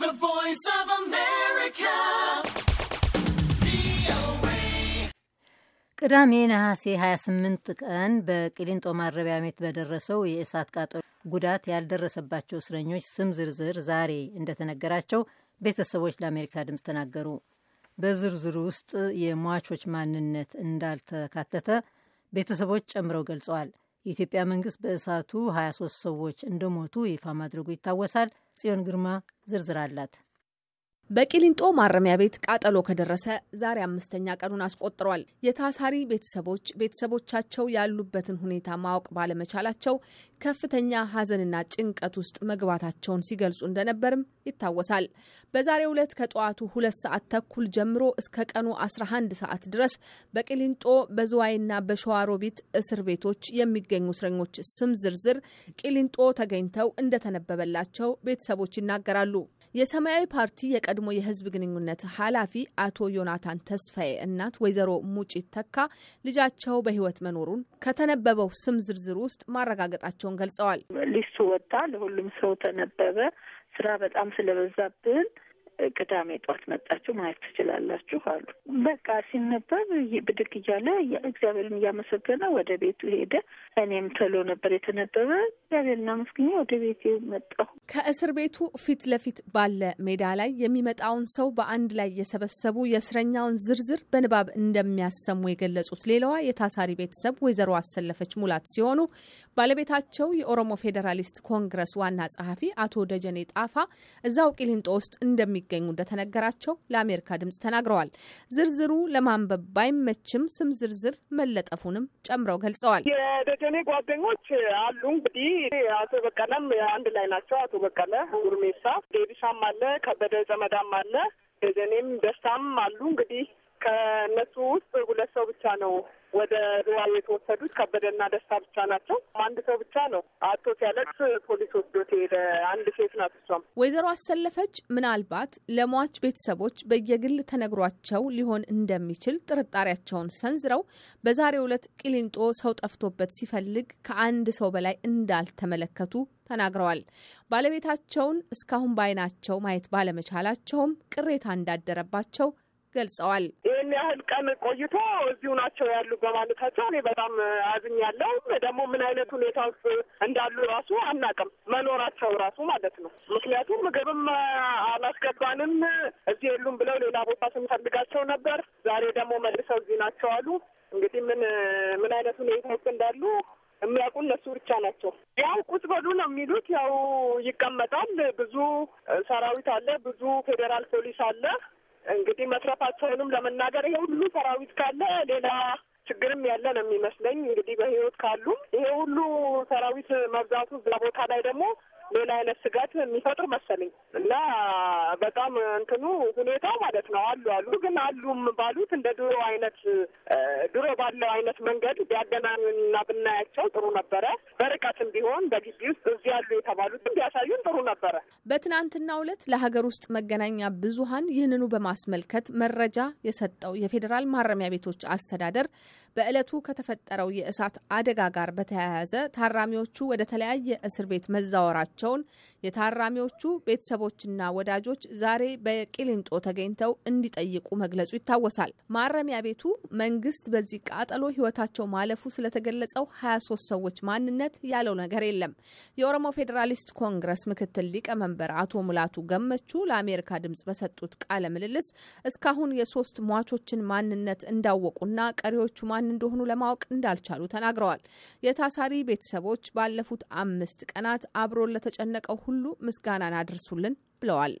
The Voice of America. ቅዳሜ ነሐሴ 28 ቀን በቅሊንጦ ማረቢያ ቤት በደረሰው የእሳት ቃጠሎ ጉዳት ያልደረሰባቸው እስረኞች ስም ዝርዝር ዛሬ እንደተነገራቸው ቤተሰቦች ለአሜሪካ ድምፅ ተናገሩ። በዝርዝሩ ውስጥ የሟቾች ማንነት እንዳልተካተተ ቤተሰቦች ጨምረው ገልጸዋል። የኢትዮጵያ መንግስት በእሳቱ 23 ሰዎች እንደሞቱ ይፋ ማድረጉ ይታወሳል። ጽዮን ግርማ ዝርዝር አላት። በቂሊንጦ ማረሚያ ቤት ቃጠሎ ከደረሰ ዛሬ አምስተኛ ቀኑን አስቆጥሯል። የታሳሪ ቤተሰቦች ቤተሰቦቻቸው ያሉበትን ሁኔታ ማወቅ ባለመቻላቸው ከፍተኛ ሐዘንና ጭንቀት ውስጥ መግባታቸውን ሲገልጹ እንደነበርም ይታወሳል። በዛሬው ዕለት ከጠዋቱ ሁለት ሰዓት ተኩል ጀምሮ እስከ ቀኑ 11 ሰዓት ድረስ በቂሊንጦ በዝዋይና በሸዋሮቢት እስር ቤቶች የሚገኙ እስረኞች ስም ዝርዝር ቂሊንጦ ተገኝተው እንደተነበበላቸው ቤተሰቦች ይናገራሉ። የሰማያዊ ፓርቲ የቀድ የቀድሞ የህዝብ ግንኙነት ኃላፊ አቶ ዮናታን ተስፋዬ እናት ወይዘሮ ሙጪት ተካ ልጃቸው በህይወት መኖሩን ከተነበበው ስም ዝርዝር ውስጥ ማረጋገጣቸውን ገልጸዋል። ሊስቱ ወጣ፣ ለሁሉም ሰው ተነበበ። ስራ በጣም ስለበዛብን ቅዳሜ ጠዋት መጣችሁ ማየት ትችላላችሁ አሉ። በቃ ሲነበብ ብድግ እያለ እግዚአብሔርን እያመሰገነ ወደ ቤቱ ሄደ። እኔም ተሎ ነበር የተነበበ። እግዚአብሔርን አመስግኜ ወደ ቤቴ መጣሁ። ከእስር ቤቱ ፊት ለፊት ባለ ሜዳ ላይ የሚመጣውን ሰው በአንድ ላይ የሰበሰቡ የእስረኛውን ዝርዝር በንባብ እንደሚያሰሙ የገለጹት ሌላዋ የታሳሪ ቤተሰብ ወይዘሮ አሰለፈች ሙላት ሲሆኑ ባለቤታቸው የኦሮሞ ፌዴራሊስት ኮንግረስ ዋና ጸሐፊ አቶ ደጀኔ ጣፋ እዛው ቂሊንጦ ውስጥ እንደሚ እንደሚገኙ እንደተነገራቸው ለአሜሪካ ድምጽ ተናግረዋል። ዝርዝሩ ለማንበብ ባይመችም ስም ዝርዝር መለጠፉንም ጨምረው ገልጸዋል። የደጀኔ ጓደኞች አሉ እንግዲህ አቶ በቀለም አንድ ላይ ናቸው። አቶ በቀለ ጉርሜሳ፣ ዴቢሳም አለ፣ ከበደ ዘመዳም አለ፣ ደጀኔም ደስታም አሉ እንግዲህ ከእነሱ ውስጥ ሁለት ሰው ብቻ ነው ወደ ዝዋይ የተወሰዱት። ከበደና ደስታ ብቻ ናቸው። አንድ ሰው ብቻ ነው አቶ ሲያለቅስ ፖሊስ ወስዶት ሄደ። አንድ ሴት ናት። እሷም ወይዘሮ አሰለፈች ምናልባት ለሟች ቤተሰቦች በየግል ተነግሯቸው ሊሆን እንደሚችል ጥርጣሬያቸውን ሰንዝረው በዛሬው ዕለት ቂሊንጦ ሰው ጠፍቶበት ሲፈልግ ከአንድ ሰው በላይ እንዳልተመለከቱ ተናግረዋል። ባለቤታቸውን እስካሁን ባይናቸው ማየት ባለመቻላቸውም ቅሬታ እንዳደረባቸው ገልጸዋል። ያህል ቀን ቆይቶ እዚሁ ናቸው ያሉ በማለታቸው እኔ በጣም አዝኛለሁ። ደግሞ ምን አይነት ሁኔታ ውስጥ እንዳሉ ራሱ አናቅም፣ መኖራቸው ራሱ ማለት ነው። ምክንያቱም ምግብም አላስገባንም፣ እዚህ የሉም ብለው ሌላ ቦታ ስንፈልጋቸው ነበር። ዛሬ ደግሞ መልሰው እዚህ ናቸው አሉ። እንግዲህ ምን ምን አይነት ሁኔታ ውስጥ እንዳሉ የሚያውቁ እነሱ ብቻ ናቸው። ያው ቁጭ በሉ ነው የሚሉት። ያው ይቀመጣል። ብዙ ሰራዊት አለ፣ ብዙ ፌዴራል ፖሊስ አለ። እንግዲህ መትረፋቸውንም ለመናገር ይሄ ሁሉ ሰራዊት ካለ ሌላ ችግርም ያለ ነው የሚመስለኝ። እንግዲህ በህይወት ካሉም ይሄ ሁሉ ሰራዊት መብዛቱ እዛ ቦታ ላይ ደግሞ ሌላ አይነት ስጋት የሚፈጥር መሰለኝ እና በጣም እንትኑ ሁኔታው ማለት ነው። አሉ አሉ ግን አሉም ባሉት እንደ ድሮ አይነት ድሮ ባለው አይነት መንገድ ቢያገናና ብናያቸው ጥሩ ነበረ። በርቀትም ቢሆን በግቢ ውስጥ እዚህ ያሉ የተባሉት ቢያሳዩን ጥሩ ነበረ። በትናንትናው ዕለት ለሀገር ውስጥ መገናኛ ብዙሀን ይህንኑ በማስመልከት መረጃ የሰጠው የፌዴራል ማረሚያ ቤቶች አስተዳደር በዕለቱ ከተፈጠረው የእሳት አደጋ ጋር በተያያዘ ታራሚዎቹ ወደ ተለያየ እስር ቤት መዛወራቸውን የታራሚዎቹ ቤተሰቦችና ወዳጆች ዛሬ በቂሊንጦ ተገኝተው እንዲጠይቁ መግለጹ ይታወሳል። ማረሚያ ቤቱ መንግስት በዚህ ቃጠሎ ህይወታቸው ማለፉ ስለተገለጸው 23 ሰዎች ማንነት ያለው ነገር የለም። የኦሮሞ ፌዴራሊስት ኮንግረስ ምክትል ሊቀመንበር አቶ ሙላቱ ገመቹ ለአሜሪካ ድምጽ በሰጡት ቃለ ምልልስ እስካሁን የሶስት ሟቾችን ማንነት እንዳወቁና ቀሪዎቹ ማን እንደሆኑ ለማወቅ እንዳልቻሉ ተናግረዋል። የታሳሪ ቤተሰቦች ባለፉት አምስት ቀናት አብሮን ለተጨነቀው ሁሉ ምስጋናን አድርሱልን ብለዋል።